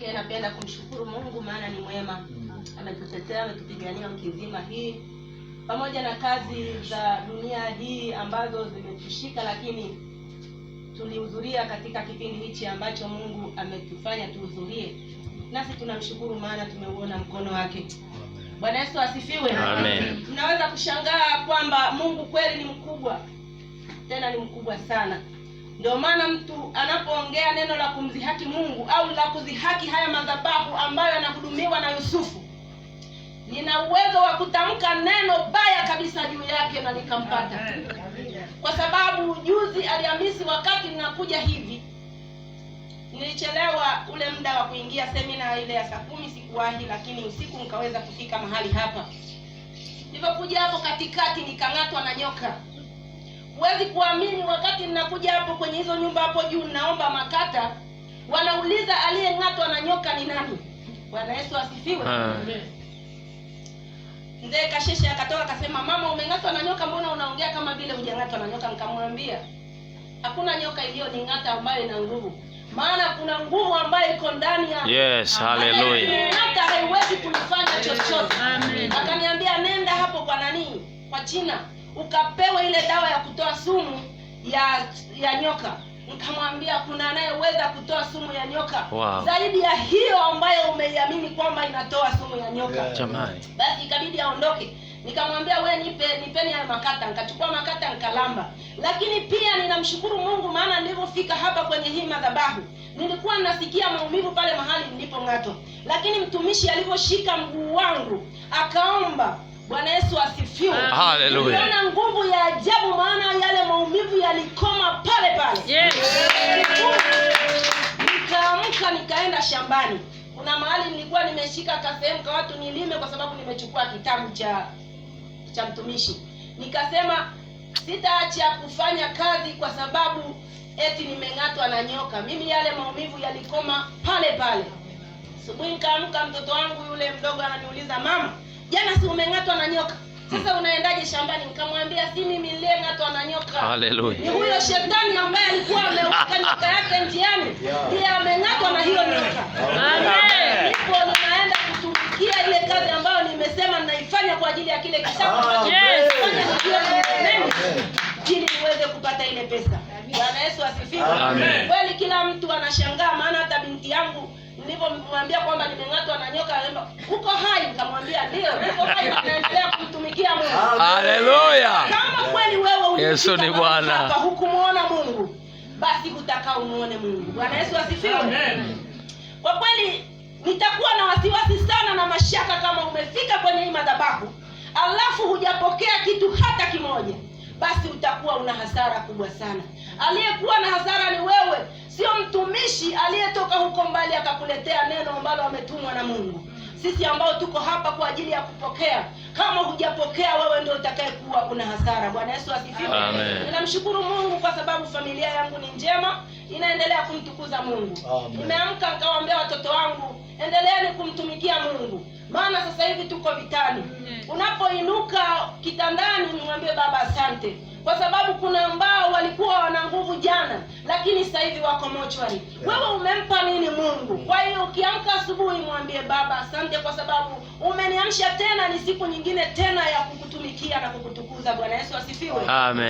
kipekee napenda kumshukuru Mungu maana ni mwema Ametutetea, ametupigania mkizima hii, pamoja na kazi oh, za dunia hii ambazo zimetushika, lakini tulihudhuria katika kipindi hichi ambacho Mungu ametufanya tuhudhurie, nasi tunamshukuru maana tumeuona mkono wake. Bwana Yesu asifiwe, amen. Tunaweza kushangaa kwamba Mungu kweli ni mkubwa, tena ni mkubwa sana. Ndio maana mtu anapoongea neno la kumdhihaki Mungu au la kudhihaki haya madhabahu ambayo yanahudumiwa na Yusufu, nina uwezo wa kutamka neno baya kabisa juu yake na nikampata, kwa sababu juzi Alhamisi, wakati ninakuja hivi, nilichelewa ule muda wa kuingia semina ile ya saa kumi, sikuwahi, lakini usiku nikaweza kufika mahali hapa. Nilipokuja hapo katikati nikang'atwa na nyoka. Huwezi kuamini, wakati ninakuja hapo kwenye hizo nyumba hapo juu, naomba makata, wanauliza aliyeng'atwa na nyoka ni nani? Bwana Yesu asifiwe. Ah. Mzee Kasheshe akatoka akasema, mama, umeng'atwa na nyoka, mbona unaongea kama vile hujang'atwa na nyoka? Nikamwambia hakuna nyoka iliyo ni ng'ata ambayo ina nguvu, maana kuna nguvu ambayo iko ndani ya yes, haleluya. Hata haiwezi kunifanya chochote. Akaniambia nenda hapo kwa nani, kwa China ukapewa ile dawa ya kutoa sumu ya ya nyoka, nikamwambia kuna anayeweza kutoa sumu ya nyoka wow. zaidi ya hiyo ambayo umeiamini kwamba inatoa sumu ya nyoka yeah. basi ikabidi aondoke. Nikamwambia we nipe nipeni haya makata, nikachukua makata nikalamba. Lakini pia ninamshukuru Mungu, maana nilivyofika hapa kwenye hii madhabahu nilikuwa nasikia maumivu pale mahali nilipong'atwa, lakini mtumishi alivyoshika mguu wangu akaomba Bwana Yesu asifiwe. Haleluya. Niliona nguvu ya ajabu, maana yale maumivu yalikoma pale pale. Yes. Nikaamka nikaenda shambani. Kuna mahali nilikuwa nimeshika kasehemu kwa watu nilime, kwa sababu nimechukua kitabu cha cha mtumishi. Nikasema sitaacha kufanya kazi kwa sababu eti nimeng'atwa na nyoka. Mimi yale maumivu yalikoma pale pale. Asubuhi nikaamka, mtoto wangu yule mdogo ananiuliza mama Jana si umeng'atwa na nyoka, sasa unaendaje shambani? Nikamwambia si mimi ng'atwa na nyoka. Haleluya! Ni huyo shetani ambaye alikuwa ameweka nyoka yake njiani, ndiye ameng'atwa na hiyo nyoka. Amen. Ndipo ninaenda kutumikia ile kazi ambayo nimesema ninaifanya kwa ajili ya kile kitabu ah, ili niweze kupata ile pesa. Bwana Yesu asifiwe. Amen. Kweli kila mtu anashangaa, maana hata binti yangu nilipomwambia kwamba nimeng'atwa na nyoka, anasema uko hai ambayo kumtumikia Mungu. Haleluya! Kama kweli wewe Yesu ni Bwana, hukumuona Mungu, basi utakaa umuone Mungu. Bwana Yesu asifiwe. Amen. Kwa kweli nitakuwa na wasiwasi sana na mashaka kama umefika kwenye hii madhabahu alafu hujapokea kitu hata kimoja, basi utakuwa una hasara kubwa sana. Aliyekuwa na hasara ni wewe, sio mtumishi aliyetoka huko mbali akakuletea neno ambalo ametumwa na Mungu sisi ambao tuko hapa kwa ajili ya kupokea. Kama hujapokea wewe ndio utakayekuwa kuna hasara. Bwana Yesu asifiwe. Amen. Ninamshukuru Mungu kwa sababu familia yangu ni njema, inaendelea kumtukuza Mungu. Nimeamka nikawaambia watoto wangu, endeleeni kumtumikia Mungu maana sasa hivi tuko vitani. Unapoinuka kitandani, nimwambie Baba asante kwa sababu kuna nguvu jana, lakini sasa hivi wako mochwari. Wewe umempa nini Mungu? Kwa hiyo ukiamka asubuhi, mwambie Baba, asante kwa sababu umeniamsha tena, ni siku nyingine tena ya kukutumikia na kukutukuza. Bwana Yesu asifiwe, amen.